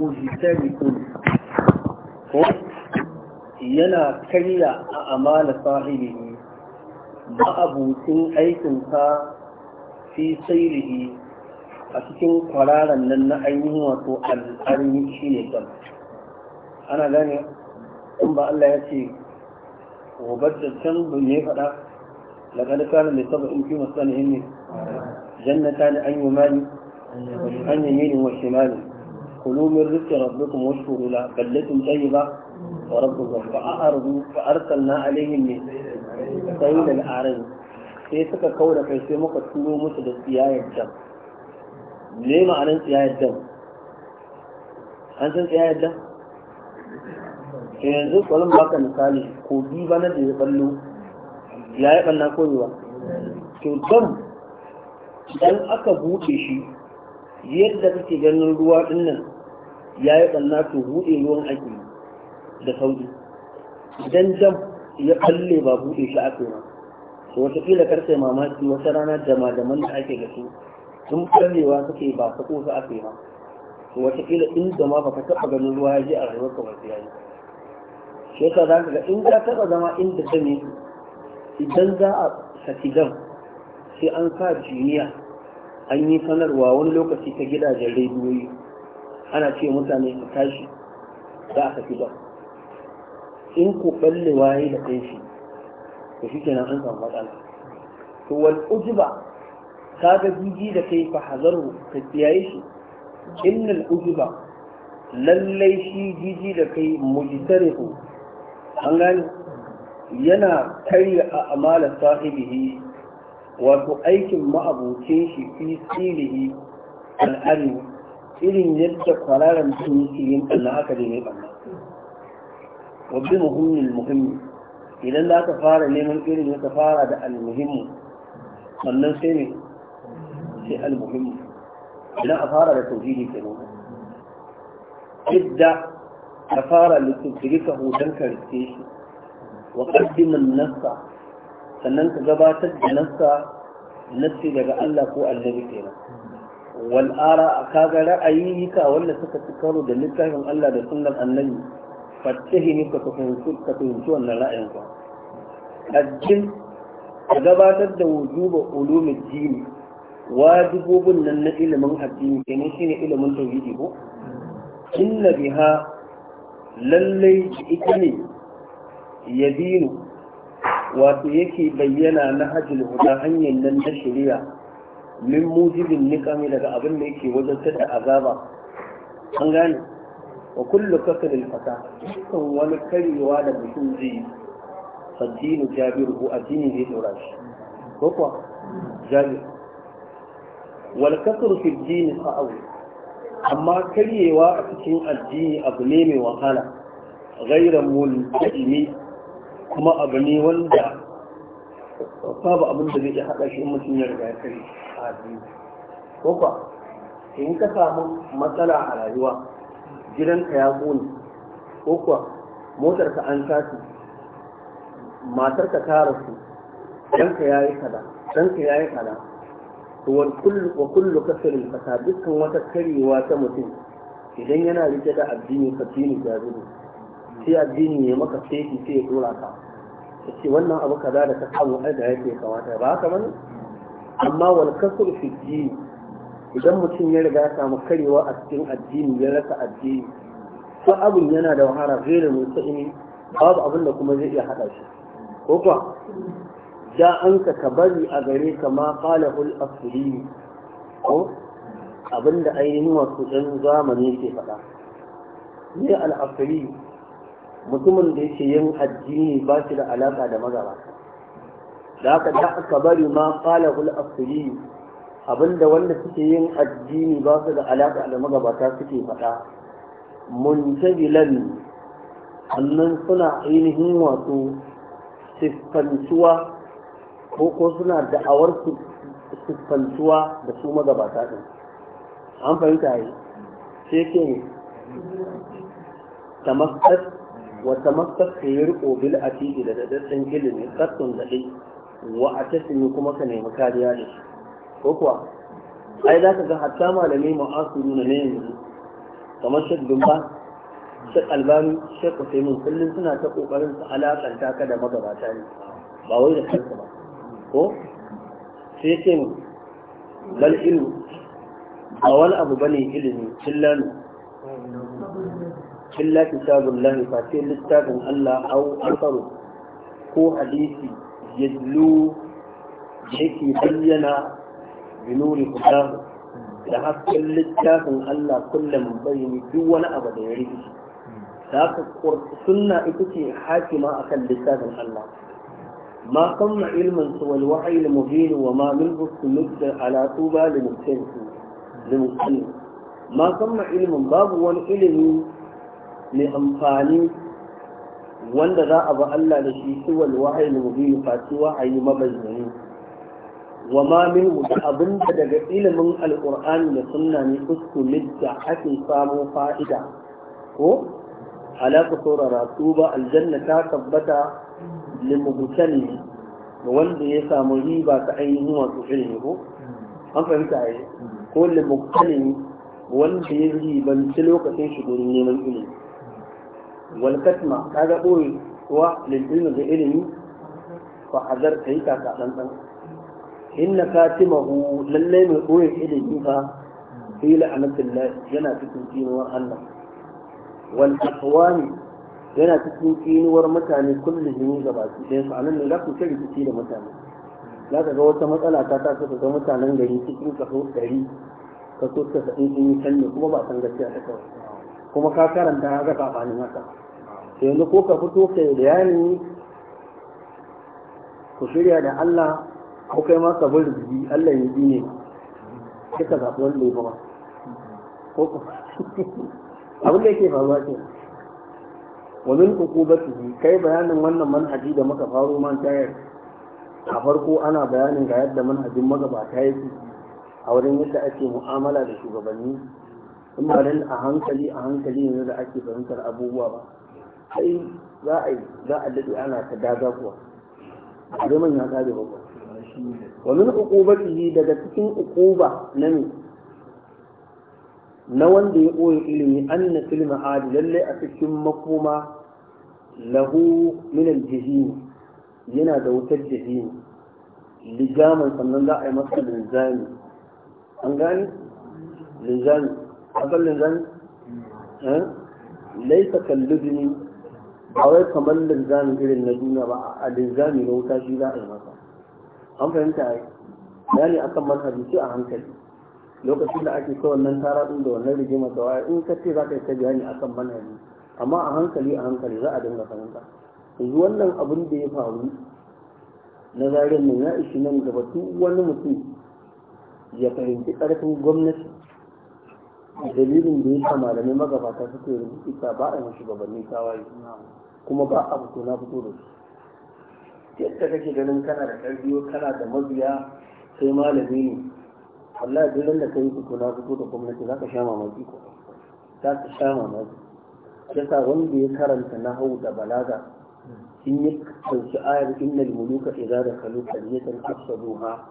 مجتمع yana karya a amana sahibihi ma'abucin aikinsa fi sairihi a cikin kwararan nan na ainihin wato al'arni shi ne gam ana gane in ba Allah ya ce gobar da can ne faɗa laƙar kanin da saba in fi masu ne jannata ne an yi mali an yi wa shimali كلوا من رزق ربكم واشكروا له بلة طيبة ورب الغفور فأعرضوا فأرسلنا عليهم من سيد الأعرج sai suka kawo da kai sai muka turo musu da tsiyayar dam me ma'anar tsiyayar dam an san tsiyayar dam yanzu kwalin baka misali ko bi bana da ya ballo ya yi ɓanna koyewa to dam dan aka buɗe shi yadda kake ganin ruwa ɗin nan ya yi ɓanna to buɗe ruwan ake da sauri idan dam ya kalle ba buɗe shi ake ma to wataƙila karfe mamaki wata rana dama da man da ake da su sun kallewa suke ba ta ko su ake ma to wataƙila in zama ma ba ka taɓa ganin ruwa ya je a rayuwar ka ba sai yayi shi yasa za ka ga in ka taɓa zama inda dam yake idan za a saki dam sai an sa jiniya an yi sanarwa wani lokaci ta gidajen rediyoyi ana ce mutane su tashi za a saki ba in ku balle waye da kai shi to shi kenan an samu matsala to wal ujuba ka ga jiji da kai fa hazaru ka kiyaye shi innal ujuba lallai shi jiji da kai mujtarihu an gane yana karya a amalar sahibihi wato aikin ma'abucin shi fi silihi al'adu irin yadda kwararan mutum yake yin ɓanna haka mai ɓanna wabbi muhimmin muhimmi idan za ka fara neman irin ya fara da almuhimmu sannan sai ne sai almuhimmu idan a fara da tauhidi ke nuna idda ka fara littattafika hoton ka rike shi wa ƙaddimin nasa sannan ka gabatar da nasa nasi daga Allah ko annabi kenan wal ara kaga ra'ayi ka wanda suka ci karo da littafin Allah da sunan annabi fattahi ne ka fahimci ka fahimci wannan ra'ayin ka addin ka gabatar da wujuba ulumi dini wajibobin nan na ilimin addini kenan shine ilimin tauhidi ko inna biha lallai ita ne ya yadinu wato yake bayyana na hajjul huda hanyar nan na shari'a min mujibin niqami daga abin da yake wajen tada azaba an gane wa kullu kasr al fata dukkan wani karewa da mutum zai fadinu jabiru ko addini zai dora shi ko kuwa jabir wal kasr fi din sa'awi amma karyewa a cikin addini abu ne mai wahala ghairan mulkimi kuma abu ne wanda babu abin da zai haɗa shi mutum ya riga ya kai a addini ko kuwa in ka samu matsala a rayuwa gidanka ya gone ko kuwa motarka an tashi matarka ta rasu ɗanka ya yi kada ɗanka ya yi kada to wa kullu kasirin kasa dukkan wata karewa ta mutum idan yana rike da addini ka dini ya sai addini ya maka sai sai ya dora ka ta ce wannan abu kaza da ta samu ai da yake kamata ba haka bane amma wani kasr fi idan mutum ya riga ya samu karewa a cikin addini ya rasa addini ko abin yana da wahala gaira mutsa'ini babu abin da kuma zai iya haɗa shi ko kuwa ja an ka ka bari a gare ka ma qalahul asli ko abinda ainihin wasu ɗan zamani ke faɗa ne al mutumin da yake yin addini ba shi da alaka da magaba da aka da aka bari ma kala ul asiri abinda wanda suke yin addini ba su da alaka da magabata suke faɗa muntabilan annan suna ainihin wato siffantuwa ko ko suna da'awar siffantuwa da su magabata ɗin an fahimta yi sai ke tamaskat wata maksar ka yi riko bil a fiye da daɗaɗɗen ilimi ƙassun da ɗai wa a tasiri kuma ka nemi kariya da shi ko kuwa ai za ka ga hatta malamai ma'asuru na yanzu kamar shek dumba shek albani shek usaimin kullum suna ta ƙoƙarin su alaƙanta ka da magabata ne ba wai da kanka ba ko sai ce mu bal ilmu ba wani abu bane ilimi illanu illa kitabun lahi face littafin Allah au asaru ko hadisi yadlu yake bayyana binuri kudahu da hasken littafin Allah kullum bayani duk wani abu da ya rikici da haka sunna ita ce hakima akan littafin Allah ما قم علما سوى الوحي المبين وما منه السلوك على طوبى لمحسن ما قم babu wani ilimi. mai amfani wanda za a ba Allah da shi siwal wahayi mubin fati wahayi mabayyani wa ma min abin da daga ilimin alqur'ani da sunna ne uskulid da ake samu fa'ida ko ala saurara su ba aljanna ta tabbata limubutani wanda ya samu riba ta ainihin wasu ilimi ko an fahimta a yi ko limubutani wanda ya ribanci lokacin shi neman ilimi wal katma kaga boye wa lil ilmi da ilimi fa hadar kai ka ka dan dan inna katimahu lalle mai ɓoye ilimi fa fi la'anatillah yana cikin kinuwar Allah wal aqwami yana cikin kinuwar mutane kullum gaba su ɗaya su anan ne za ku kiri kici da mutane za ka ga wata matsala ta ta ga mutanen gari cikin kaso ɗari kaso casa'in sun yi canji kuma ba san gaskiya ta kawai kuma ka karanta haka kafanin haka yanzu ko ka fito ka yi bayani ku shirya da Allah ko kai ma ka bar rubi Allah ya yi ne sai ka zaɓi wanda ya ba ko ka abin da yake faruwa ce wa min kai bayanin wannan manhaji da muka faro man tayar a farko ana bayanin ga yadda manhajin magabata yake a wurin yadda ake mu'amala da shugabanni in ba a hankali a hankali ne da ake fahimtar abubuwa ba ai za a yi za a daɗe ana ta daga kuwa a zai manya ƙare ba wa min uqubatihi daga cikin uquba na ne na wanda ya koyi ilimi anna tilma ma'ad lalle a cikin makoma lahu min al yana da wutar jahim Ligaman sannan za a yi masa linzami an gani linzami akan linzami eh? laisa kallubini ba wai kamar linzamin irin na duniya ba a linzami na wuta shi za a yi masa an fahimta a a akan manhaji ce a hankali lokacin da ake kawai nan tara din da wannan rigima da waya in ka ce za ka yi ta bayani akan manhaji amma a hankali a hankali za a dinga fahimta yanzu wannan abin da ya faru na zarin nan ya ishi nan gaba tun wani mutum ya fahimci ƙarfin gwamnati dalilin da ya sa malamai magabata suke rubuta ba a yi shugabannin tawaye kuma ba a fito na fito da shi yadda kake ganin kana da ƙarfi kana da mabiya sai malami ne wallahi duk da kai fito na fito da gwamnati za ka sha mamaki ko za ka sha mamaki yasa wanda ya karanta na hau da balaga in yi kansu ayar innal muluka idza dakalu qaryatan afsaduha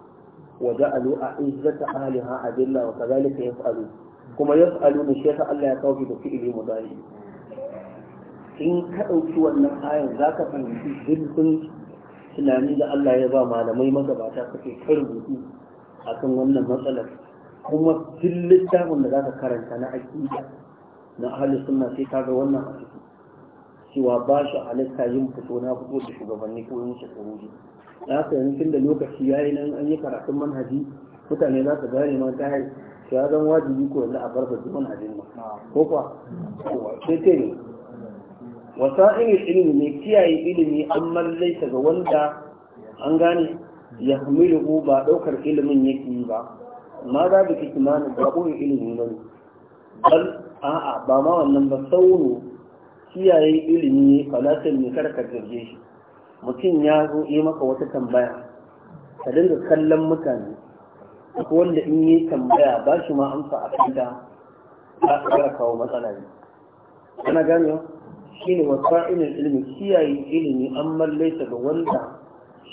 wa ja'alu a'izzata ahliha adilla wa kadhalika yaf'alu kuma yaf'alu ne shi Allah ya kawo da fi'ili mudari in ka ɗauki wannan ayan za ka fahimci zurfin tunani da Allah ya ba malamai magabata suke kai rubutu a kan wannan matsalar kuma duk littafin da za ka karanta na aƙida na ahli sunna sai ka ga wannan a ciki cewa ba shi halitta yin fito na fito da shugabanni ko yin shekaru da yi yanzu da lokaci ya yi nan an yi karatun manhaji mutane za su gane ma ta ya zan wajibi ko yanzu a barbaji manhajin ba. ko kuwa sai ta yi. irin ilimi ne kiyaye ilimi an mallaita ga wanda an gane ya hamilu ba daukar ilimin yake yi ba ma za da kimanin ba ɓoye ilimi ba ne bal a'a ba ma wannan ba sauro kiyaye ilimi ne falatin ne kar ka jirge shi mutum ya zo yi maka wata tambaya ka dinga kallon mutane ko wanda in yi tambaya ba shi ma amsa a kanta ta kawo matsala ne ana ganewa wasu wasa'ilin ilimin kiyaye ilimi an mallaita ga wanda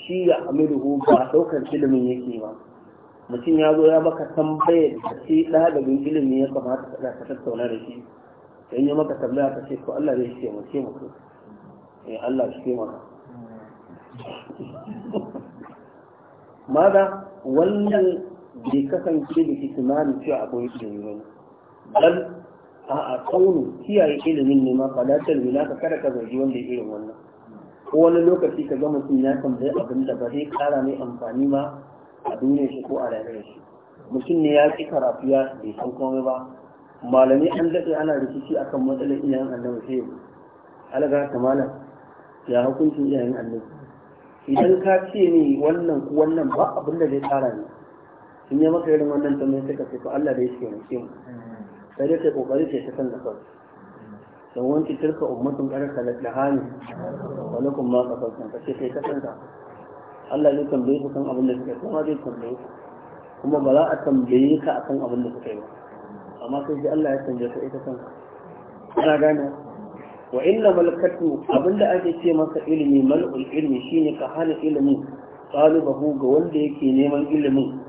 shi ya amiru ba daukar ilimin yake ba mutum ya zo ya maka tambayar da shi ɗalibin ilimi ya kamata ka ka tattauna da shi in ya maka tambaya ka ce ko Allah zai ce mu ce muku eh Allah shi maka maza wannan bai kasance da hikimani cewa akwai ilimi ba bal a'a kaunu kiyaye ilimin ne ma ta wila ka kada ka zargi wanda ya irin wannan ko wani lokaci ka ga mutum ya tambayi abin da ba zai kara mai amfani ma a duniyar shi ko a rayuwar shi mutum ne ya ki karatu ya bai san komai ba malami an daɗe ana rikici akan matsalar iyayen annabi sai yau alaga Malam, ya hukuncin iyayen annabi idan ka ce ni wannan wannan ba abin da zai kara ne Sun yi maka irin wannan tambayi sai ka ce ko Allah da ya ce mu sai dai kai kokari kai ta kan da kanka dan wanki tilka ummatun qaraka da hannu, wa lakum ma qafaltum kace kai ka kanka Allah zai tambaye ka kan abin da suka yi kuma zai tambaye ku kuma ba za a tambaye ka a kan abin da suka yi ba amma sai dai Allah ya tambaye ka ita kanka ana gane wa inna malakatu abinda ake ce masa ilimi mal'ul ilmi shine ka hana ilimi ɗalibahu ga wanda yake neman ilimin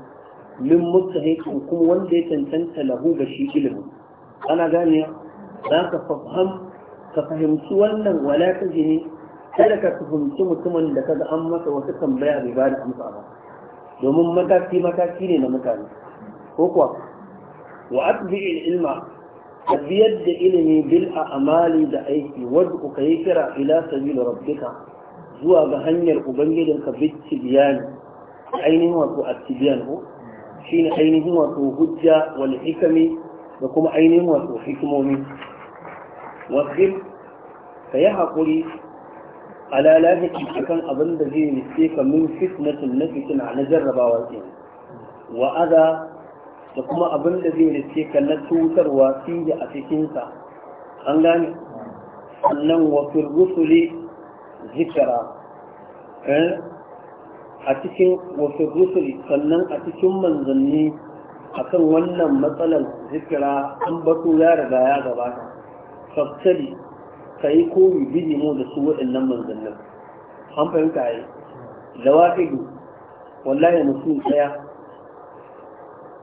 min mutahikin kuma wanda ya cancanta lahu ga shi ilimin ana gane za ka faham ka fahimci wannan wala ta jini kada ka fahimci mutumin da kaga an masa wasu tambaya bai ba da amsa ba domin mataki mataki ne na mutane ko kuwa wa atbi'il ilma biyar da ilimi bil a'mali da aiki wadda ka yi kira ila sabil rabbika zuwa ga hanyar ubangijinka bitibiyani ainihin wato attibiyan ko shine ainihin wato hujja wal hikami da kuma ainihin wato hikimomi wasir ka yi haƙuri a ala a kan abin da zai riske ka min fitnatin na fitina na jarrabawa ke wa'aza da kuma abin da zai riske ka na cutarwa fiye a cikinsa an gane sannan wafin rusuli zikara eh? a cikin wafin rusuli sannan a cikin manzanni akan wannan matsalar zikira an bato ya riga ya gabata fassari ka yi koyi bijimo da su waɗannan manzannin an fahimta yi da wahidu wallahi mutum tsaya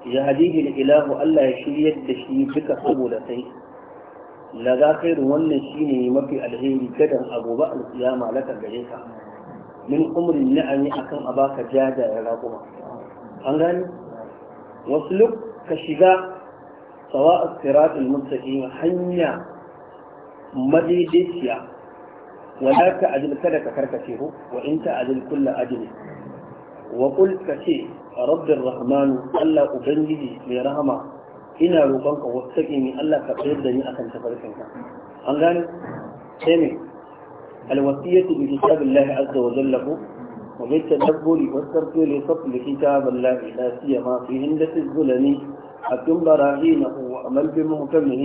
ya hadihi da ilahu Allah ya shiryar da shi duka saboda sai la za wannan shine mafi alheri gadon agoba alkiyama malaka gare ka min umrin na'ami akan abaka jaja ya raƙuma an gani wasluk ka shiga tsawa a siratul mustaqim hanya madaidaiciya wala ka ajil kada ka karkace ko wa in ta ajil kullu ajil wa qul ka ce rabbir rahman Allah ubangiji mai rahama ina roƙonka wasaqini Allah ka tsayar da ni akan ka. an gane sai ne alwasiyatu bi kitabillahi azza wa jalla وللتدبر والترك لفضل كتاب الله لا سيما في هندة الزلل حكم براهينه وأمل بمحكمه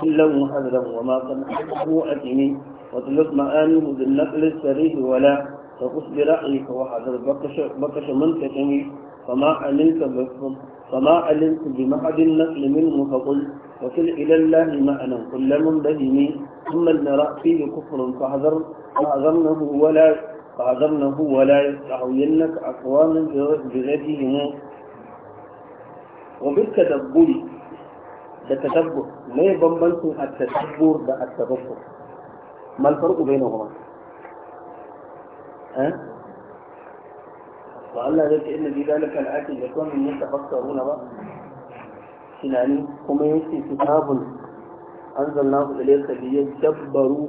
كلا محذرا وما تنحبه أتني واطلق مآله بالنقل السريح ولا تقص برأيك وحذر بكش, بكش منكشني فما علمت بكم فما علمت بمعد النقل منه فقل وكل إلى الله معنى كل منبهم ثم المراء فيه كفر فاحذر فاحذرنه ولا فعذرنه ولا يستعوينك أقواما بغيرهم وبالتدبر التدبر لا يبنبنت التدبر ده التدبر ما الفرق بينهما ها والله ذلك إن في ذلك الآتي يكون من يتفكرون بقى tunani kuma yake kitabun anzalnahu ilayka liyadabbaru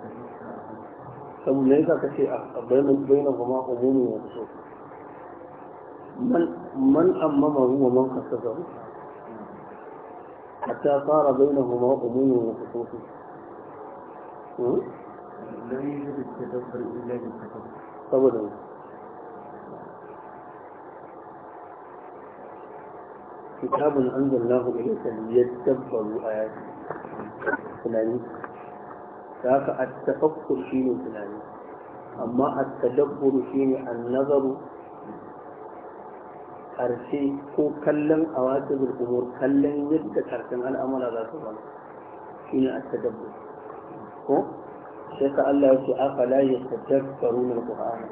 ثم ليس ka ce a bayanin bayanin kuma umumin من أممه ومن قصده حتى صار بينهما أمور وخصوصي لا يوجد التدبر إلا بالتدبر أبدا كتاب أنزلناه إليك ليتدبروا آياته da haka a tafakkur shi ne tunani amma a tadabburu shi ne a nazaru ƙarshe ko kallon a wata umur kallon yadda karshen al'amura za su zama shi ne a tadabbur ko sai ka Allah ya ce aka la ta tadabbaru na Qur'ani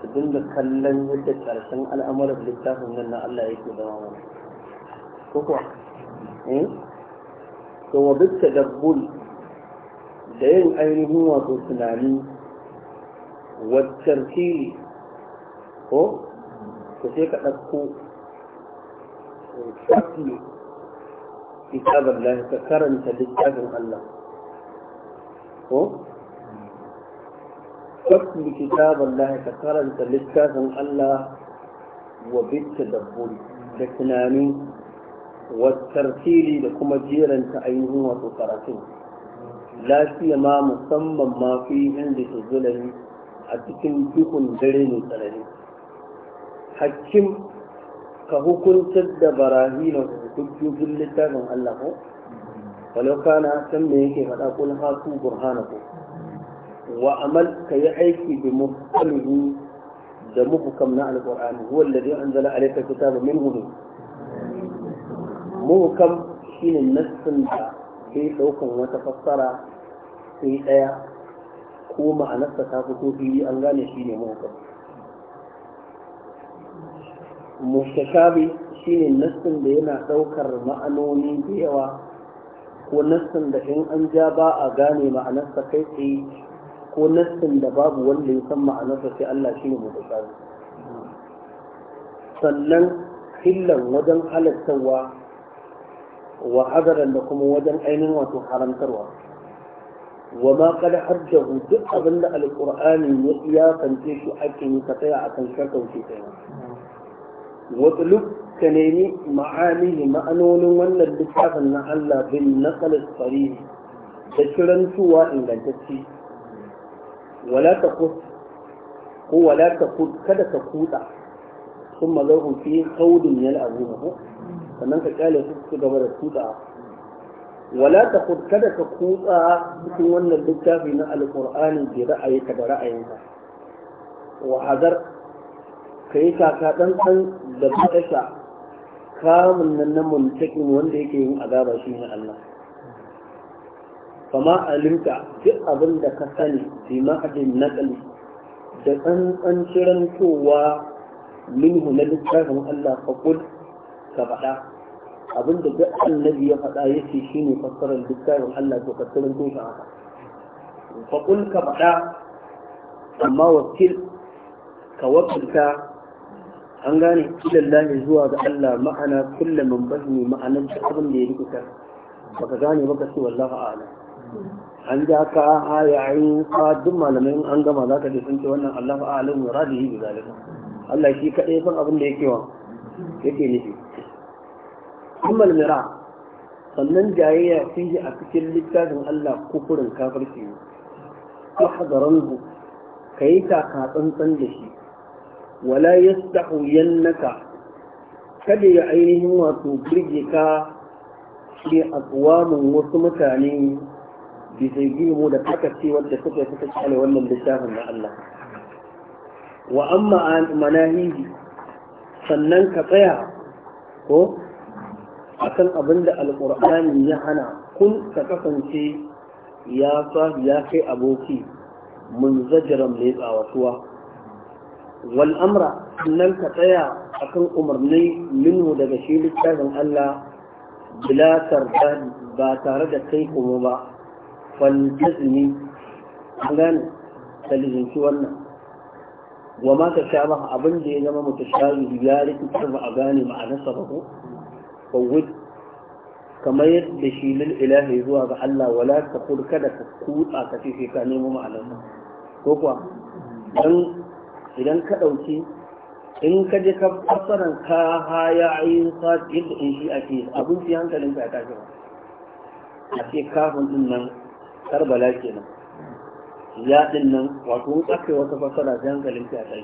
su dinga kallon yadda karshen da littafin nan na Allah yake zama mana ko kuwa ko eh? wa bi tadabbur da yin ainihin wato tunani waccan fili ko ka sai ka ɗauko shafi kitabar lahi ka karanta littafin Allah ko shafi kitabar lahi ka karanta littafin Allah wa bitta dabbori da tunani waccan fili da kuma jeranta ainihin wato karatun lafiya ma musamman ma fi inda su zulami a cikin dukun dare mai tsanani hakim ka hukuntar da barahina hujjojin littafin Allah ko walau san me yake faɗa kul hasu burhanakum wa amal ka yi aiki da muhammadu da muhukam na alqur'ani huwa alladhi anzala alayka kitaba minhu shi ne nassin da sai ɗaukan wata fassara sai ɗaya ko ma'anarsa ta fito fili an gane shi ne mawukan mustashabi shi ne nassin da yana ɗaukar ma'anoni da yawa ko nassin da in an ja ba a gane ma'anarsa kai tsaye ko nassin da babu wanda ya san ma'anarsa sai Allah shi ne mutashabi sannan hillan wajen halattawa wa hadaran da kuma wajen ainihin wato haramtarwa wa ma kada Hajjahu duk abin da alqur'ani ya iyakance shi ake yi ka tsaya akan shakauce kai wa tulub ka nemi ma'anihi ma'anonin wannan littafin na Allah bin naqal sarih da kirantuwa ingantacce wala ta ko wala ta kada ka kuɗa. sun mazarhu fi kaudin yal azumahu sannan ka kyale su su gaba da tuta wala ta da ka kutsa cikin wannan littafi na alqur'ani bi ra'ayinka da ra'ayinka wa hadar ka yi kaka ɗan da bukata kamun nan na muntakin wanda yake yin azaba shi ne Allah kama alimta duk abin da ka sani bi ma'adin naƙali da tsantsan cirantowa minhu na littafin Allah faƙul ka faɗa abin da duk annabi ya faɗa ya ce shi ne fassarar littafin Allah to fassarar to shi haka faƙul ka faɗa amma wakil ka wakilta an gane ilallahi zuwa ga Allah ma'ana kulle man bazmi ma'anar abin da ya rikuta baka gane baka ce wallahi a'lam an ja ka ha ya ayin duk malamai an gama za ka je sun ce wannan Allah fa'alin muradihi bi zalika Allah shi kaɗai san abin da yake wa yake nufi ammal mira sannan jayayya yi a cikin littafin Allah kufurin kafirci ne ko hadaran yi taka tsantsan da shi wala yastahu yannaka kada ya ainihin wato birge ka shi aqwamun wasu mutane bisa mu da kakace wadda suka suka kyale wannan littafin na Allah wa amma manahihi sannan ka tsaya ko akan abin da alƙur'ani ya hana kun ka kasance ya ya kai aboki mun zajiran mai tsawatuwa wal'amra sannan ka tsaya akan umarni minmu daga shi littafin Allah bila ba tare da kai kuma ba fantazmi an gane ta wannan wa ma ta sha ba abin da ya zama mata shayi ya rikitar ba a gane ma'anar sababu? ko kamar yadda shi lil ilahi zuwa ga Allah wala ta kurka da ka kutsa ka ce sai ka nemo ma'anarsa ko kuwa dan idan ka dauki in ka je ka fassaran ka ha ya ayin sa yadda in shi ake abin fi hankalin ka ya tashi ba a ce kafin din nan karbala kenan ya din nan wato in aka wata fasara ta hankalin ta kai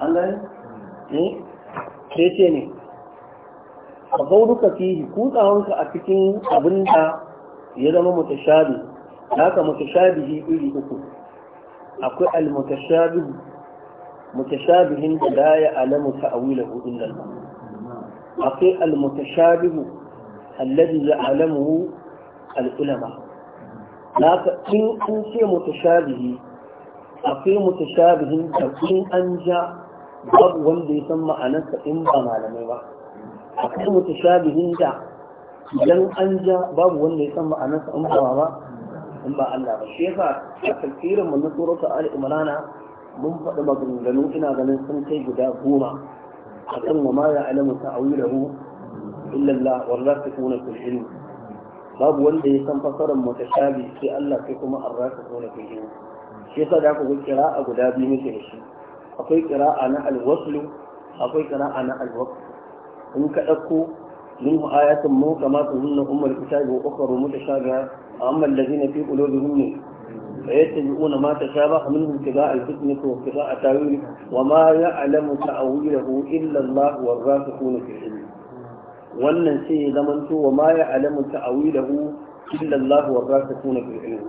an gani eh? ne Ke ce ne a gauruka fihi kutsawanka a cikin abin da ya zama mutashabi haka mutashabihi iri uku akwai al-mutashabih mutashabihin da la ya alamu ta ta'awilahu illa Allah akwai al-mutashabih alladhi ya'lamuhu al-ulama haka in an ce mutashabihi akwai mutashabihin da in an ja babu wanda ya san ma'anarsa in ba malamai ba akwai mutashabihin da idan an ja babu wanda ya san ma'anarsa in ba ba in ba Allah ba shi yasa a tafsirin mu na surata al-imrana mun faɗi maganganu ina ganin sun kai guda goma akan wa ma ya'lamu ta'awilahu illa Allah wallafituna fil ilm babu wanda ya san fasarar mutashabi sai Allah sai kuma arraka ko na fiye shi yasa da guda biyu muke da shi akwai kira'a na alwaslu akwai kira'a na alwaqf in ka dauko minhu ayatun muhkamatun hunna ummul kitabi wa ukhra mutashabiha amma alladhina fi qulubihim فيتبعون ما تشابه منه ابتغاء الفتنة وابتغاء التاويل وما يعلم تأويله إلا الله والراسخون في العلم wannan sai ya zamanto wa ma ya alamu ta'awilahu illa Allah wa rasikuna fil ilm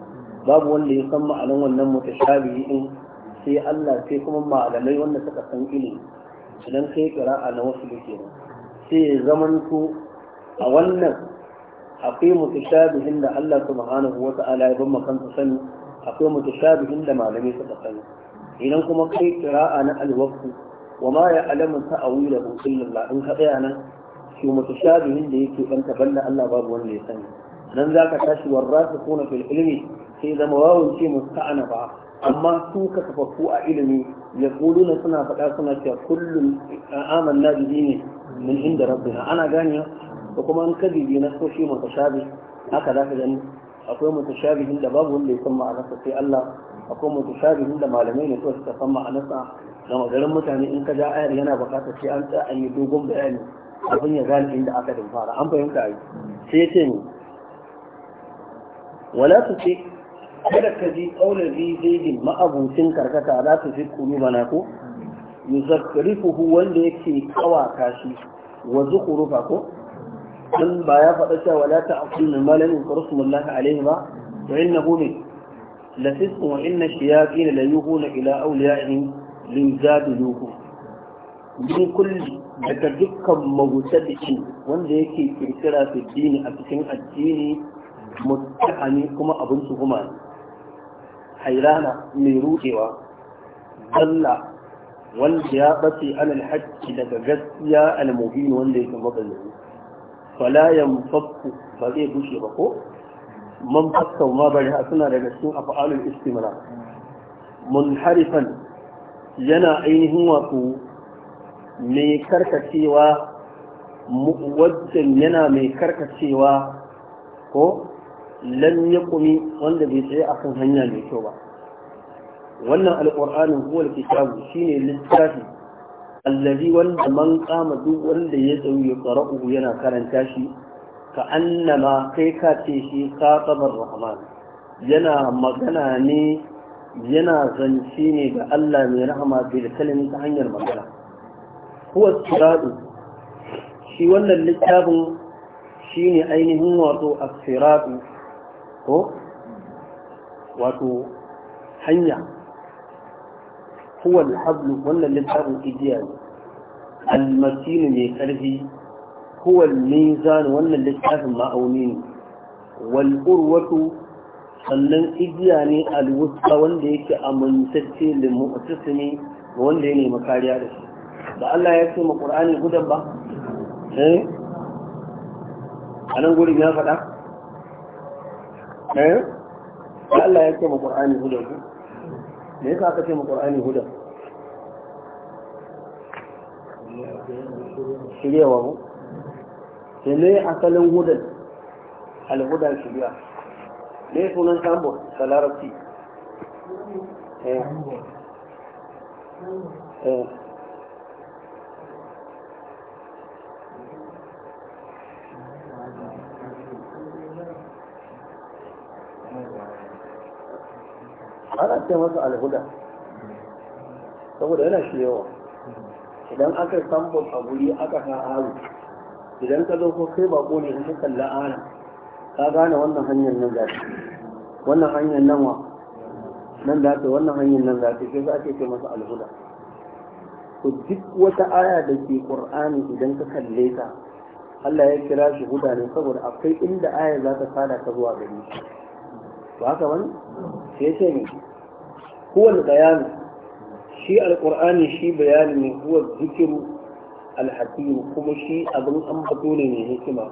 babu wanda ya san ma'anan wannan mutashabihi din sai Allah sai kuma malamai wanda suka san ilimi idan kai qira'a na wasu duke sai ya zamanto a wannan akwai mutashabihin da Allah subhanahu wa ta'ala ya ban makansa sani akwai mutashabihin da malamai suka sani idan kuma kai kira'a na alwaqtu wa ma ya'lamu ta'awilahu illa Allah in ka tsaya nan shi mutashabihin da yake dan taballa Allah babu wanda ya sani nan zaka tashi warrasikuna fil ilmi sai zama wawun ce musta'ana ba amma su ka kafafu a ilimi ya kuluna suna faɗa suna cewa kullum na bihi ne min inda rabbina ana gane da kuma an kadibi na so shi mutashabi haka zaka gani akwai mutashabihin da babu wanda ya san ma'anarsa sai Allah akwai mutashabihin da malamai ne suka san ma'anarsa ga magarin mutane in ka ja ayar yana bukatar sai an tsaya an yi dogon bayani abin ya gane inda aka fara, an fahimta yi sai ya ce ne wala su ce kada ka ji ƙaunar zizidin ma'abucin karkata za ta fi kuru mana ko yuzakrifuhu wanda yake kawata shi wa zukhrufa ko dan ba ya faɗa cewa wala ta'qulu malan rasulullahi alaihi ba wa innahu min لفسق وإن الشياطين ليوهون إلى أوليائهم ليزادلوكم من كل daga dukkan mawutadici wanda yake kirkira su dini a cikin addini mutane kuma abin su kuma hairana mai ruɗewa dalla wanda ya ɓace alal hajji daga gaskiya al-mubin wanda yake mabayyani fala yanfakku ba zai bushe ba ko man fakka ma bari suna daga cikin af'alul istimra munharifan yana ainihin wato mai karkacewa wajen yana mai karkacewa ko lan ya kumi wanda bai tsaye a kan hanya mai kyau ba wannan alƙur'anin huwal kitabu shine littafi allazi wanda man kama duk wanda ya tsayu ya yana karanta shi ka annama kai ka ce shi ka rahman yana magana ne yana zance ne ga Allah mai rahama bil kalimi ta hanyar magana huwa siradu shi wannan littafin shi ne ainihin wato a siradu ko wato hanya huwa alhablu wannan littafin igiya ne almasinu mai karfi huwa almizan wannan littafin ma'auni ne wal urwatu sannan igiya ne alwusta wanda yake amintacce da mu'tasimi wanda ya nemi kariya da shi da Allah ya ce ma Qur'ani hudan ba eh anan gurin ya faɗa eh da Allah ya ce ma Qur'ani hudan ku me yasa aka ce ma Qur'ani hudan shiryawa mu sai ne asalin gudan al gudan shirya ne sunan sambo da larabci eh, eh. ana ce masa alhuda saboda yana shi yawa idan aka tambon a guri aka sa aru idan ka zo ko kai bako ne in ka kalla ana ka gane wannan hanyar nan za wannan hanyar nan wa nan za ta wannan hanyar nan za ta sai za ce masa alhuda ku duk wata aya da ke qur'ani idan ka kalle ta Allah ya kira shi huda ne saboda akwai inda aya za ta sada ta zuwa gare shi ba ka wani sai ce ne هو البيان شيء القرآن شيء بيان هو الذكر الحكيم كما شيء أظن أنبطوني من هكما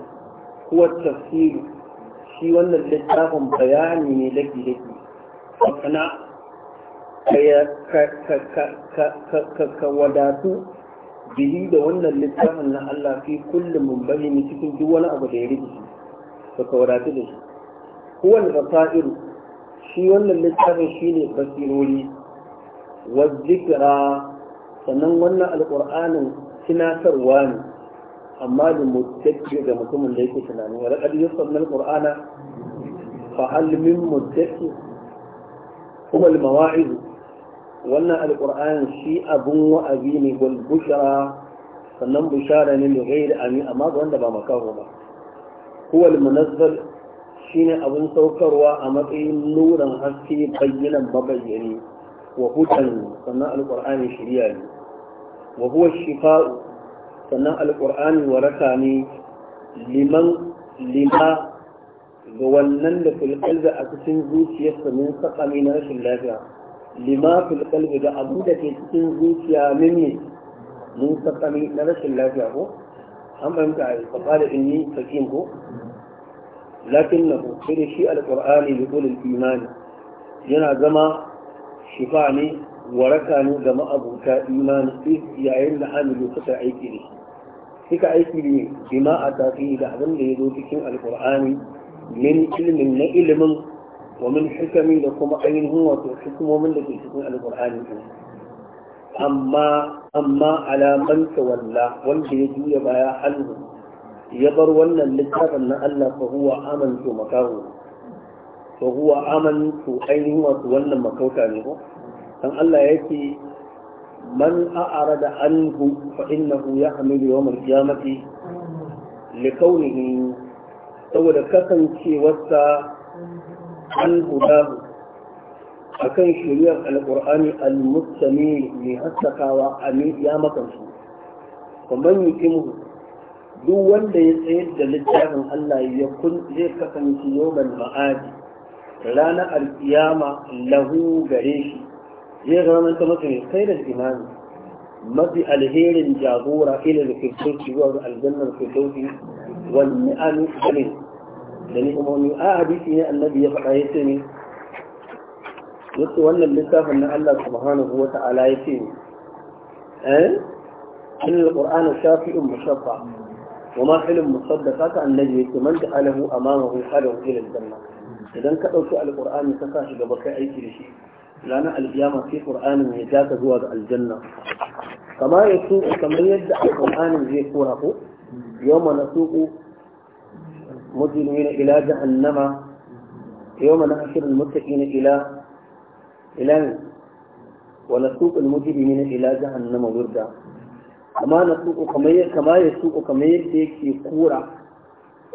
هو التفسير شيء وأن اللتاف بيان من لك لك فقنا كوداتو bihi da wannan littafin na Allah fi kullum mumbali cikin duk wani abu da ya rubuta ka kawaratu da shi huwa al-basairu shi wannan littafin shi ne basirori wadzikira sannan wannan alƙur'anin tunatarwa ne amma da mutakki ga mutumin da yake tunani wa laqad sannan alqur'ana fa hal min mutakki kuma almawa'iz wannan alqur'anin shi abun wa'azi ne wal bushra sannan bushara ne li ghairi amin amma ga wanda ba makaho ba huwa almunazzal shine abin saukarwa a matsayin nuran haske bayyanan mabayyani wa hutan sannan alqur'ani shiriya ne wa huwa shifa'u sannan alqur'ani waraka ne liman lima ga wannan da filkalbi a cikin zuciyarsa min sakami na rashin lafiya lima filkalbi da abu da ke cikin zuciya min ne mun sakami na rashin lafiya ko an fahimta a yi faɗa da inni sakin ko lakinnahu sai da shi alkur'ani da qulil imani yana zama shifa ne waraka ne ga ma'abuta imani yayin da amilu suka aiki da shi suka aiki ne bima a tafi da abin da ya zo cikin alkur'ani min ilimin na ilimin wa min hikami da kuma ainihin wato hikimomin da ke cikin alkur'ani amma amma alaman wanda ya juya baya hannu ya bar wannan littafin na Allah fa huwa amantu makahu fa huwa amantu ainihin wasu wannan makauta ne ko dan Allah yake man a'rada anhu fa innahu yahmilu yawm al-qiyamati likaunihi saboda kasancewarsa an hudahu akan shiriyar alkur'ani almustami mai haskakawa a ya makansu kamar yi kimu duk wanda ya tsayar da littafin Allah ya kun zai kasance yoman ma'adi ranar alkiyama lahu gare shi zai zama ta masa mai kai da imani mafi alherin jagora ila da firdausi zuwa ga aljannar firdausi Wani ni'ami alin da ni ni'imomi a hadisi ne annabi ya faɗa ya ce ne yace wannan littafin na Allah subhanahu wa ta'ala ya ce ne eh إن القرآن شافئ مشفع وما حلم مصدقات عن الذي من جعله أمامه حاله إلى الجنة إذا كتبت القرآن تكاش قبل أي شيء لنا القيامة في قرآن يجاك زواج الجنة كما يسوق كما يدعى القرآن زي كوره يوم نسوق مجرمين إلى جهنم يوم نحشر المتقين إلى إلى ونسوق المجرمين إلى جهنم وردا amma na suko kama ya suko kamar yadda yake kura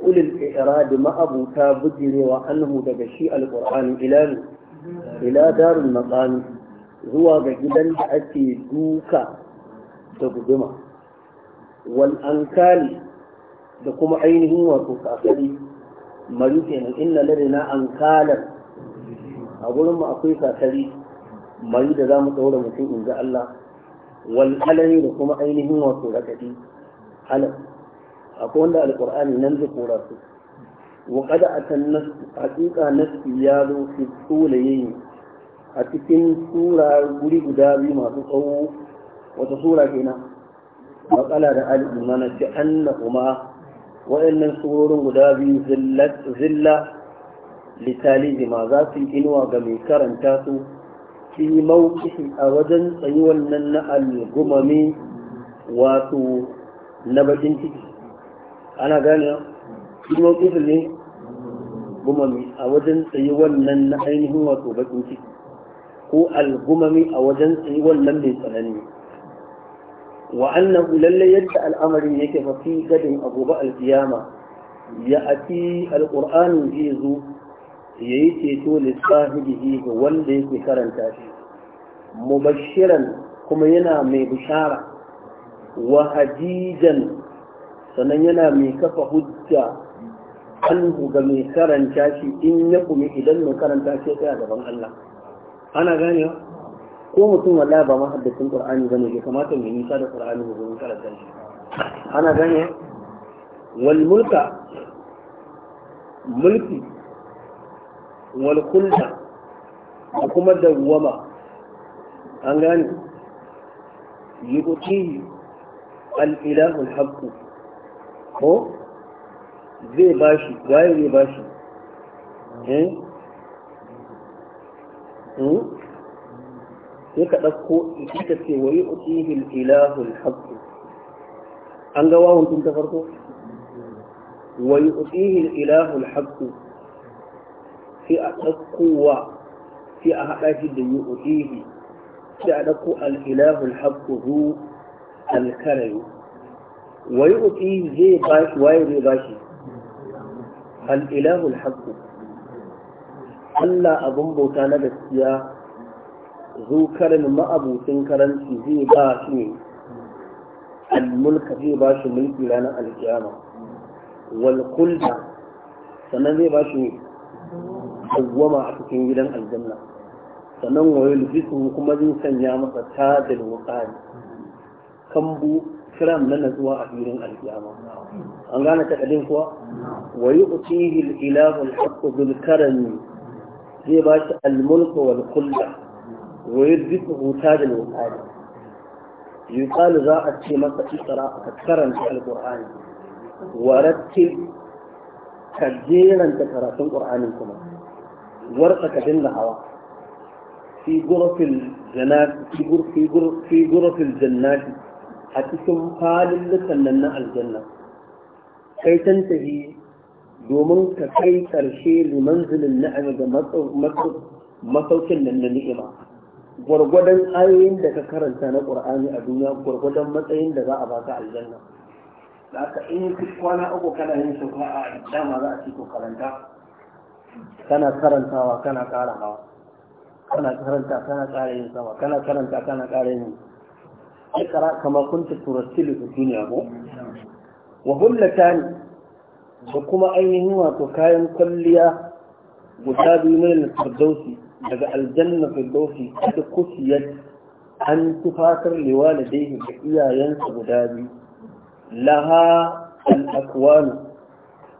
ulil iradi ma'abuta bujirewa annahu daga shi alqur'an ila ila darul maqam zuwa ga gidan da ake duka da guduma wal ankali da kuma ainihin wato kakari mari kenan inna ladina ankalan a gurin mu akwai kakari mari da zamu daura mutum in ga Allah wal alami da kuma ainihin wato raɗaɗi alam akwai wanda alƙur'ani nan zai kora su wa kada atan nas haƙiƙa nasi ya zo fi tsolaye a cikin sura guri guda biyu masu tsawo wata sura kenan matsala da al'imana ce an na kuma wa'annan surorin guda biyu zilla za su yi inuwa ga mai karanta su fi mawqihi a wajen tsayuwan nan na al wato na bakin ciki ana gane fi mawqihi ne gumami a wajen tsayuwan nan na ainihin wato bakin ciki ko al a wajen tsayuwan nan mai tsanani wa annahu lalle yadda al'amarin yake fa fi gadin abu ba al-qiyama ya ati al-qur'anu zai zo ya yi ceto lissahibihi ga wanda yake karanta shi mubashiran kuma yana mai bishara wa hadijan sannan yana mai kafa hujja anhu ga mai karanta shi in ya kuma idan mai karanta shi ya tsaya gaban Allah ana gane ko mutum wallahi ba haddacin qur'ani bane ke kamata mu nisa da qur'ani mu gurin karanta shi ana gane wal mulka mulki wal kulda da kuma dawwama an gani. Yi al ilahu al haqq ko zai bashi waye zai bashi eh hmm? sai ka ɗauko ita ta ce wa yi utihil ilahul haƙƙu. an ga wawun tun ta farko wa yi utihil ilahul haƙƙu. sai a ɗaukowa sai a haɗa shi da yi sai a ɗauko al'ilahul haƙƙo zu alkarayu wa yi zai ba shi waye zai ba shi al'ilahul Allah abin bauta na gaskiya zo karin ma'abucin karanci zai ba shi ne al-mulka zai ba shi mulki ranar alkiyama wal kulda sannan zai ba shi ne dawwama a cikin gidan aljanna sannan wa yulbisu kuma zai sanya masa tajil wuqari kambu kiram na nazuwa a filin alkiyama an gane takadin kuwa wa yu'tihi al-ilahu bil karami zai ba shi almulku wal kulla wa yudbisu tajil wuqari yuqalu za a ce masa ikra ka karanta alqur'ani warattil ka jeranta karatun ƙur'anin kuma warka ka dinga hawa fi gurfin jannati a cikin falillukan nan na aljanna kai tantahi domin ka kai ƙarshe limanzilin na'am ga masaukin nan na ni'ima gwargwadon ayoyin da ka karanta na ƙur'ani a duniya gwargwadon matsayin da za a baka aljanna da haka in yi kwana uku kana yin su a dama za a ci karanta kana karantawa kana kara hawa kana karanta kana kara yin sama kana karanta kana kara yin ikra kama kunta turattilu fi dunya ko wa hullatan da kuma ainihin wato kayan kwalliya guda biyu min al daga aljanna firdausi da kusiyar an tufatar daihin da iyayensa guda biyu laha al'akwanu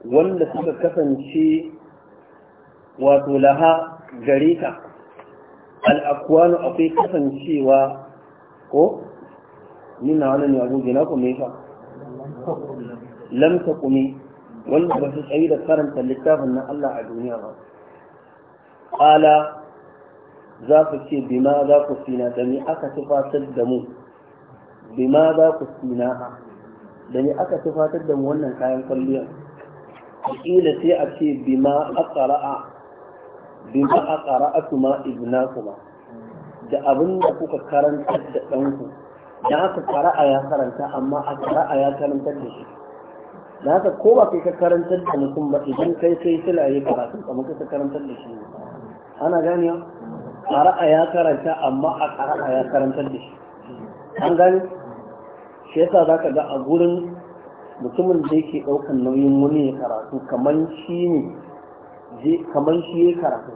wanda suka kasance wato laha gare ta al'akwanu akwai kasancewa ko nina wani ne abu gina kuma ya lam ta kumi wanda ba su tsayi da karanta littafin na Allah a duniya ba ƙala za ku ce bima za ku sina da ni aka tufatar da mu bima za ku sina da ne aka tufatar da mu wannan kayan kwalliyar kila sai a ce bima aqra'a bima aqra'atu ma kuma, da abin da kuka karanta da ɗanku da aka qara'a ya karanta amma a qara'a ya karanta da shi da haka ko ba kai ka karantar da mutum ba idan kai sai kai karanta karatu kai ka karantar da shi ana gani qara'a ya karanta amma a qara'a ya karantar da shi an gani shi yasa za ka ga a gurin mutumin da yake ɗaukan nauyin wani ya karatu kamar shi ne kamar shi ya karatu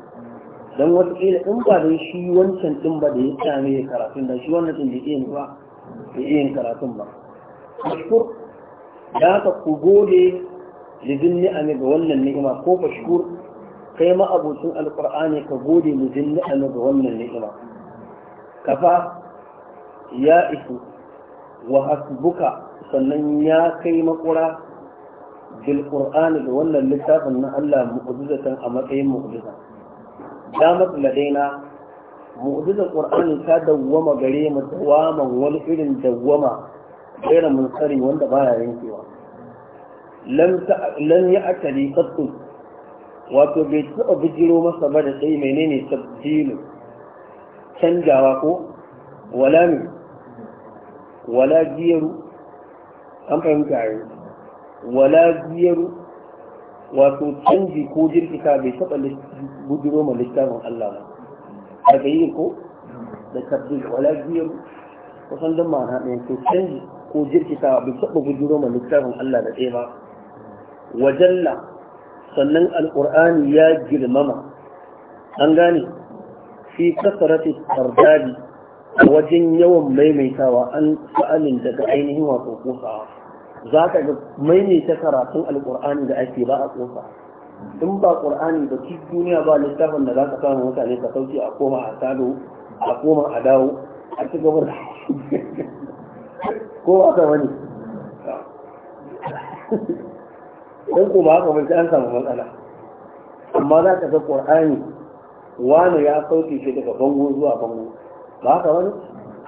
don wataƙila in ba don shi wancan ɗin ba da ya same ya karatu, da shi wannan ɗin da iya ba da iya karatun ba mashkur da ka ku gode zin ni'ami ga wannan ni'ima ko mashkur kai ma abocin alƙur'ani ka gode zin ni'ami ga wannan ni'ima kafa ya isu wa hasbuka sannan ya kai makura bil qur'ani da wannan littafin na Allah mu'jizatan a matsayin mu'jiza damat ladaina mu'jizar qur'ani ta dawwama gare mu dawaman wani irin dawwama غير منصري wanda baya yankewa lam lam ya'tali qattu wato bai taɓa bijiro masa ba da sai menene tabdilu canjawa ko wala ne. wala giyaru an fahimta yi wala giyaru wato canji ko jirkita bai taɓa bujiro ma littafin Allah ba a gayi ko da tabbil wala giyaru kusan don ma'ana ɗaya to canji ko jirkita bai taɓa bujiro ma littafin Allah da ɗaya ba wajalla sannan alƙur'ani ya girmama an gane fi kasarati tardadi a wajen yawan maimaitawa an sa'alin daga ainihin wato kosawa za ka ga maimaita karatun alƙur'ani da ake ba a kosa in ba ƙur'ani ba ki duniya ba littafin da za ka samu mutane ka sauke a koma a sado a koma a dawo a ci gaba da ko aka wani don ko ba haka wani an samu matsala amma za ka ga ƙur'ani wani ya sauke shi daga bango zuwa bango ba ka wani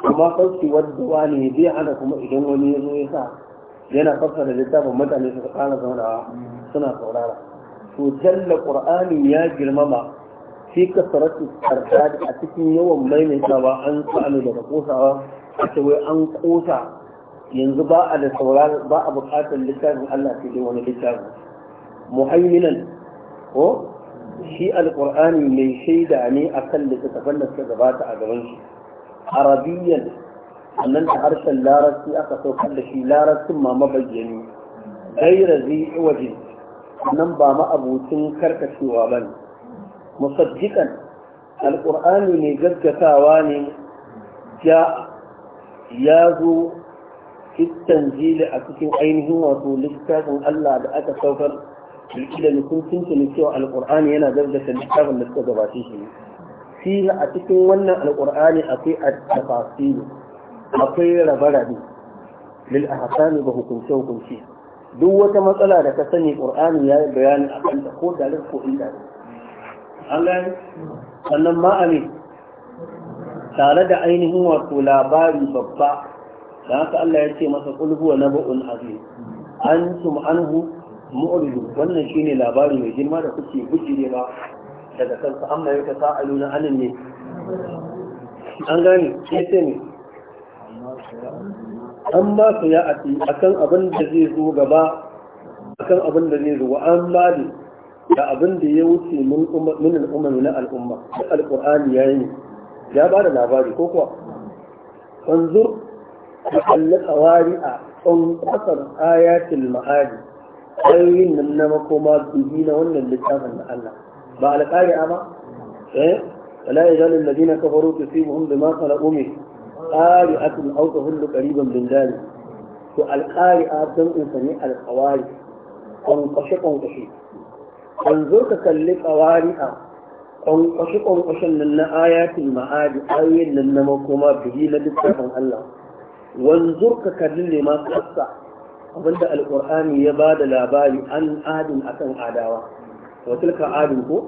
amma sauki wadda ne zai hana kuma idan wani ya zo ya sa yana da littafin mutane su kana zaunawa suna saurara to jalla qur'ani ya girmama fi kasaratu tsarda a cikin yawan maimaitawa an sa'alu daga kosawa a ce wai an kosa yanzu ba a da saurara ba a buƙatar littafin Allah sai dai wani littafin muhaiminan ko shi alqur'ani mai shaida ne akan littafin da suka gabata a gaban shi arabiyyan sannan ta harshen larabci aka saukar da shi larabcin ma mabayyani gaira zai waje nan ba ma'abucin karkacewa ba ne musaddiƙan alƙur'ani ne gaggatawa ne ja ya zo fitan jili a cikin ainihin wato littafin Allah da aka saukar da ne kun cewa alƙur'ani yana gaggata littafin da suka gabace shi ne sila a cikin wannan alƙur'ani akwai tafasiru akwai rabe-rabe lil ahsani ba hukunce hukunce duk wata matsala da ka sani ƙur'ani ya yi bayani a kanta ko da ko inda ne sannan ma sannan ma'ami tare da ainihin wato labari babba da haka Allah ya ce masa kulhu wa nabu'un azim an sum anhu mu'ridu wannan shine labari mai girma da kuke bijire ba daga kansa amma yau ka sa'aluna anin ne an gani sai ce ne an ba su ya ati akan abin da zai zo gaba a kan abin da zai zo wa an ba da da abin da ya wuce min al'umma na al'umma da alƙur'ani ya yi ya ba da labari ko kuwa Wanzu, da kallaka wari a tsankwasar ayatul ma'adi ayoyin nan na makoma dubi na wannan littafin na Allah ba alƙari'a ba eh wala yazalu alladhina kafaru tusibuhum bima khalaqu min qari'atin aw tahullu qariban min dari to alƙari'a dan insani alƙawari kwankwashe kwankwashe yanzu ka kalli ƙawari'a kwankwashe kwankwashen nan na ayatul ma'adi ayoyin nan na makoma bihi na littafin Allah wanzu ka kalli ne ma kassa abinda alƙur'ani ya ba da labari an adin akan adawa وتلك عاد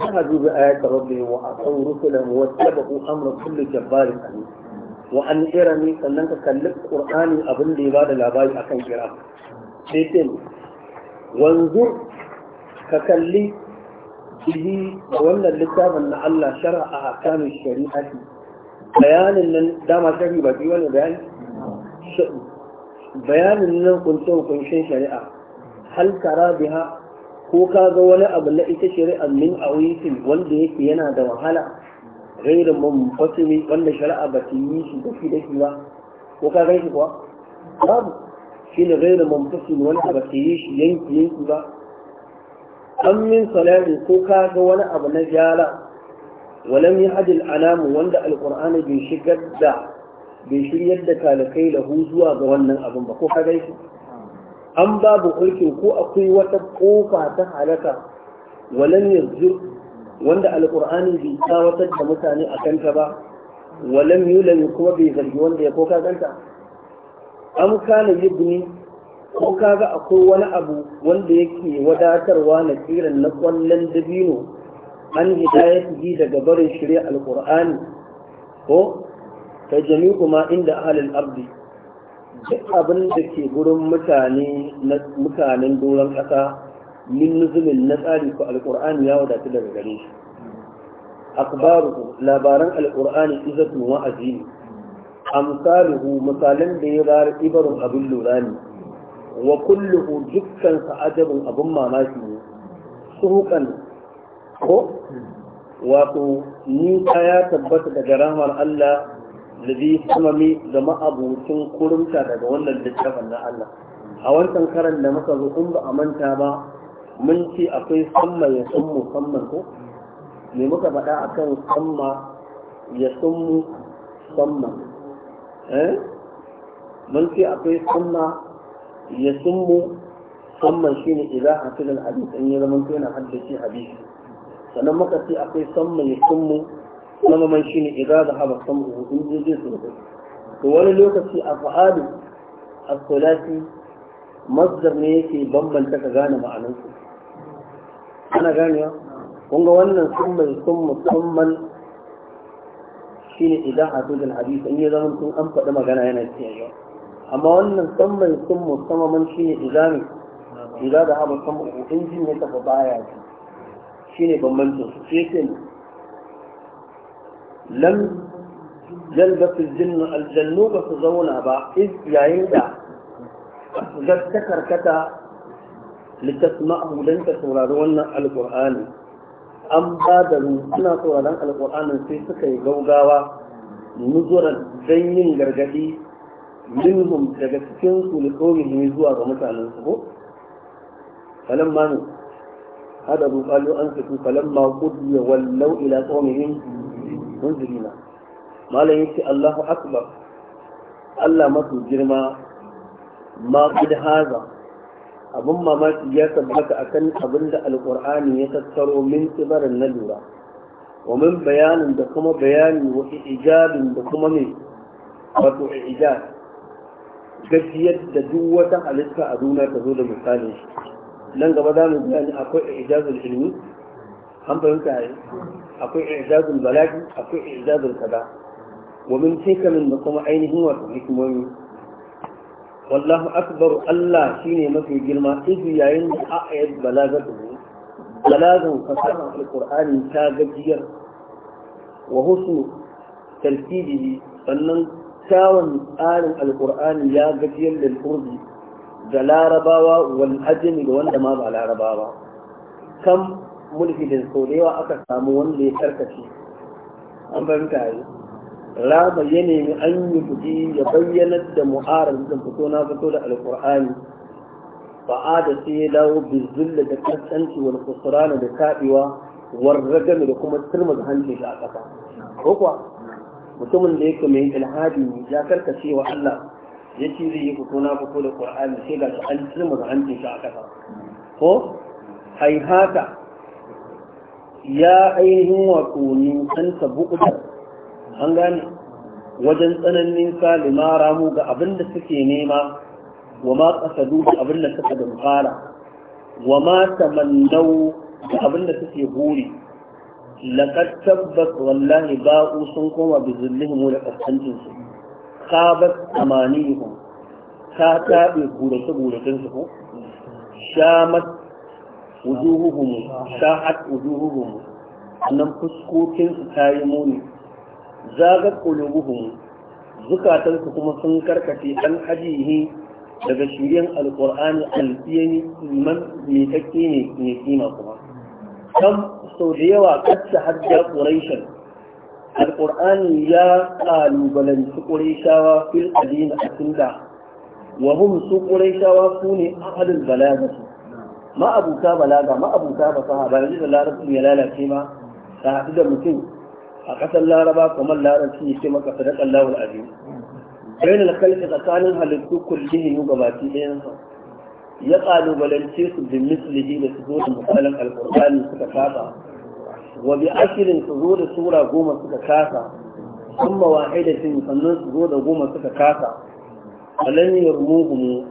جحدوا بآيات ربهم وأطعوا رسلهم واتبعوا أمر كل جبار أمين وأن إرمي سننك كلف قرآني أبن لي بعد الأباي أكن كرام سيتم وانظر ككلي به وأن الكتاب أن الله شرع أحكام الشريعة بيان أن دام شرعي بدي ولا بيان بيان أن كنت كنت شريعة هل ترى بها ko ka ga wani abu na ita shari'a min awitin wanda yake yana da wahala gairin mun fasimi wanda shari'a ba ta yi shi da da shi ba ko ka gan shi kuwa babu shi ne gairin mun fasimi wanda ba ta yi shi yanki yanki ba an min salari ko ka ga wani abu na gyara walam yi hadil alamu wanda alkur'ani bai shigar da bai shiryar da talakai lahu zuwa ga wannan abin ba ko ka gan shi an babu urkin ko akwai wata kofa ta halaka walan yanzu wanda alkur'ani bai tsawatar da mutane a kanta ba walan yulami kuma bai zargi wanda ya koka kanta an kana yibni ko kaga akwai wani abu wanda yake wadatarwa na kiran na kwallon dabino an hidayar ji daga barin shirya alkur'ani ko ta jami'u ma inda ahalin abdi duk abin da ke gurin mutane mutanen doron ƙasa min nuzumin na tsari ko alƙur'ani ya wadatu daga gare shi akbaru labaran alƙur'ani izatun wa'azi ne amsaluhu misalan da ya bar ibarun abin lura ne wa kulluhu dukkan sa'adabin abin mamaki ne suhukan ko wato ni ta ya tabbata daga rahmar Allah ladhi samami da ma'abucin kurumta daga wannan littafin na Allah a wancan karan da muka zo in ba a manta ba mun ce akwai samma ya sunmu musamman ko me muka faɗa akan samma ya sunmu samman eh mun ce akwai samma ya sun musamman shine idan hasilul hadisi in ya zama yana haddace hadisi sannan muka ce akwai samma ya sunmu man shi ne iga da haba samu in zai sosai to wani lokaci a fa'adu a solati masdar ne yake bambanta ka gane ma'anansu ana ganewa kun ga wannan sun mai sun musamman shi ne idan a tudun hadisi in ya zama sun an faɗi magana yana cikin amma wannan sun mai sun musamman shi ne idan idan da haɓa samu in jin ya tafi baya shi ne bambancin su shi ne lam jalbatu jinnu aljannu ba su zauna ba yayin da gaske karkata litasma'ahu dan saurari wannan alkurani an ba da suna sauraron alqur'anin sai suka yi gaugawa nuzuran dan yin gargadi minhum daga cikin su liqawmihi zuwa ga mutanen su ko falamma hada bu qalu an su falamma ya wallau ila qawmihim munzirina malam yace Allahu akbar Allah masu girma ma qad haza abun mamaki ya tabbata akan abinda alqur'ani ya tattaro min tsibarin na lura wa min bayanin da kuma bayani wa ijabin da kuma ne wato ijab gajiyar da duk wata halitta a duniya ta zo da misali nan gaba za mu bayani akwai ijazul ilmi an fahimta ne akwai i'zazul balagi akwai i'zazul kada. wa min hikamin da kuma ainihin wato hikimomi wallahu akbar Allah shine mafi girma idu yayin da ayat balagatu balagan fasaha alqur'ani ta gajiyar wa husnu tartibihi sannan kyawun tsarin alqur'ani ya gajiyar da kurdi da larabawa wani ajami da wanda ma ba larabawa kam mulhidin sau da yawa aka samu wanda ya karkace an fahimta yi raba ya nemi an yi kuɗi ya bayyanar da mu'arar da fito na fito da alƙur'ani ba'a da sai ya dawo bizulla da kasance wani kusurana da taɓewa warragami da kuma turma da hanci shi a ƙasa ko kuwa mutumin da yake mai ilhadi ya karkace wa Allah ya ce zai yi fito na fito da ƙur'ani sai ga shi an turma da hancin a ƙasa ko haihata ya ainihin wato nisanta bukutar an gane wajen tsananin salima ramu ga abin da suke nema wa ma kasadu da abin da suka dumfara wa ma tamannau da abin da suke buri laƙar tabbas wallahi ba'u sun koma bi zullihimu da ƙasƙancinsu kabar amanihun ta taɓe gurace-guracensu ko shamat wujuhuhum sa'at wujuhuhum annan fuskokin su tayi muni zagat qulubuhum zukatan su kuma sun karkace an hajihi daga shirin alqur'ani alfiyani man me take ne ne kima kuma kam sau da yawa kasta hajja quraishan alqur'ani ya kalubalanci qurayshawa fil adina asinda wa hum su qurayshawa sune ahadul balagati ma'abuta balaga ma'abuta fasaha ba yanzu da larabci ya lalace ma ta haɗu da mutum a ƙasar laraba kamar larabci ya ce maka sadakar lawul azim na kalli tsakanin halittu kullihin yi gabaki ɗayan sa ya ƙalubalance su da mislihi da su zo da misalin alƙur'ani suka kasa wa bi ashirin su zo da sura goma suka kasa sun mawahidatin sannan su zo da goma suka kasa alan yarmuhumu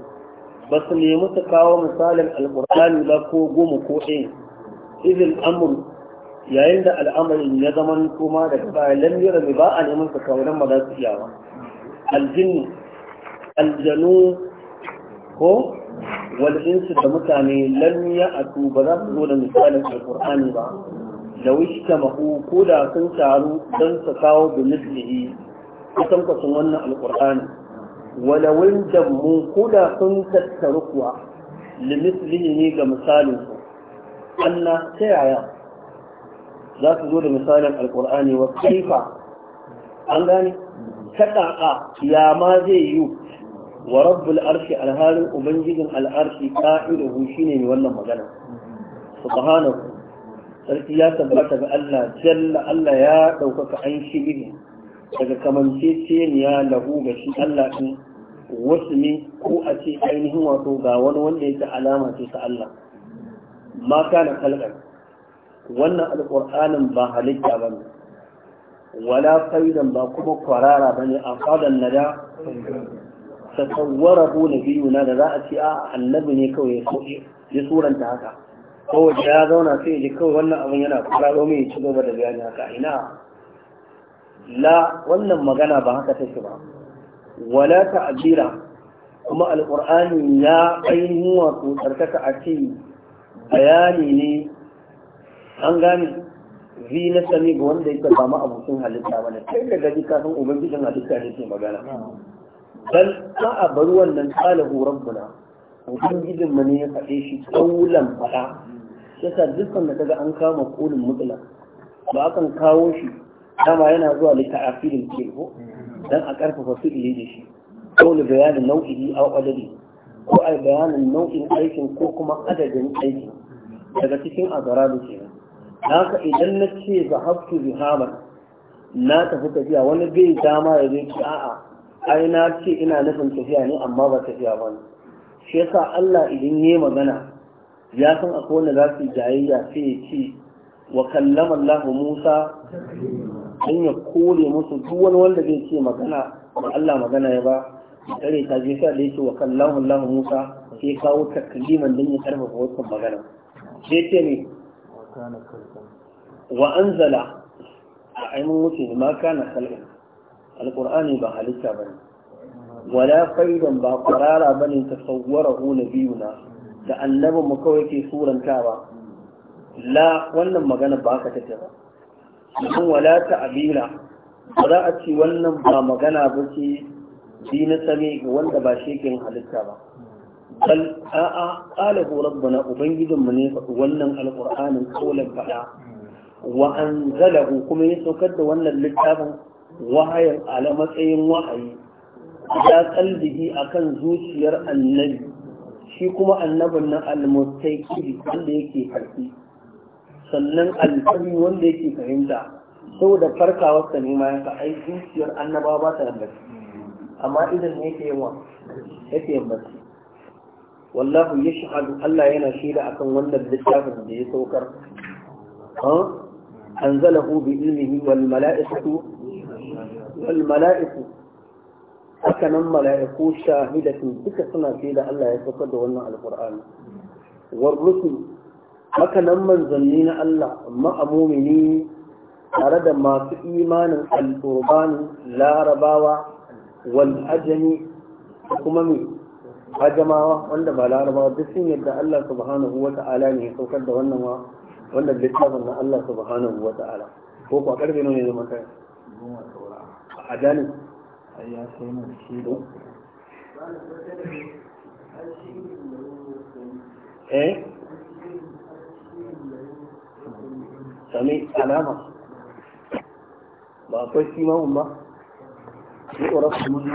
بس اللي متكاو مثال القرآن لكو قوم كوحين إذ الأمر يا عند الأمر إن يزمن كما لكبا لم يرى مباء أن يمن تكاو لما لا تحياوا الجن الجنون هو والإنس المتعني لم يأتوا بذلك مثال القرآن با لو اجتمعوا كلا تنشعروا دن تكاو بمثله وتنقصوا من القرآن Wani wanda mun da sun tattaru kuwa limislihi ne ga misalin su anna ta yaya za su zo da misalin alkur'ani wa kaifa an gane ta ya ma zai yi wa rabbul arshi alhalin ubangijin al'arshi ka'idahu shine ne wannan magana subhanahu sarki ya tabbata ga Allah jalla Allah ya ɗaukaka an shi daga kamanceceniya lahu ga shi Allah ɗin wasu ne ko a ce ainihin wato ga wani wanda yake alama ce ta Allah Mata na kalkan wannan alƙur'anin ba halitta ba ne wala faidan ba kuma kwarara ba ne a fadan na da tasawwara ko na biyu na da za a ce a annabi ne kawai ya suranta haka Kowace ya zauna sai ya ji kawai wannan abin yana kwararo mai ci gaba da bayani haka ina la wannan magana ba haka take ba wala ta'bira kuma alqur'ani ya ainihin wato tsarkaka a ce bayani ne an gane zi na sani ga wanda yake ba a abokin halitta ba ne kai da gaji kafin ubangijin halitta ne ke magana dan ma a bar wannan talahu rabbuna ubangijin mu ne ya faɗe shi kaulan faɗa yasa dukkan da kaga an kama kolin mutlaq ba akan kawo shi dama yana zuwa da ta'afirin ke ko dan a karfafa su da shi ko ni bayanin nau'ihi a wadari ko a bayanin nau'in aikin ko kuma adadin aiki daga cikin azarabu kenan haka idan na ce bi zihaban na tafi tafiya wani bai dama ya zai ci a'a ai na ce ina nufin tafiya ne amma ba tafiya ba ne shi yasa Allah idan yayi magana ya san akwai wanda za su jayayya sai ya ce wa kallama Allah Musa ya kore musu duk wani wanda zai ce magana da Allah magana ya ba kare ta je da yake wa kallama Allah Musa sai kawo takliman dan ya karfafa wannan magana sai ce ne wa anzala ai mun wuce ma kana kalin alqur'ani ba halitta bane wala faidan ba qarara bane tasawwarahu nabiyuna da annabin mu kawai ke surantawa la wannan magana ba ka take ba sun wala ta'abila ba za a ce wannan ba magana ba ce na same ga wanda ba shekin halitta ba bal a'a na ubangijin mu ne faɗi wannan Al'ƙur'ani kaulan faɗa wa anzalahu kuma ya saukar da wannan littafin wahayin ala matsayin wahayi ya kalbihi akan zuciyar annabi shi kuma annabin na almustaqi wanda yake karfi sannan alfari wanda yake fahimta saboda farkawar sa ne ma ya ka ai zuciyar annaba ba ta yammaci amma idan ne ke yawa yake yammaci wallahu ya shahadu Allah yana shaida a kan wannan littafin da ya saukar anzalahu bi ilmihi wal mala'ikatu wal mala'iku haka nan mala'iku shahidatun duka suna shaida Allah ya saukar da wannan alqur'ani war rusul haka nan manzanni na Allah amma amumini tare da masu imanin al'urbani larabawa wal ajami kuma mai ajamawa wanda ba larabawa duk sun yadda Allah subhanahu wa ta'ala ne ya saukar da wannan wa wanda littafin na Allah subhanahu wa ta'ala ko kuwa a karfe ne zama kai a dani ya sai mun shi da eh sami alama ba akwai simamun ba ne ƙwararsu mun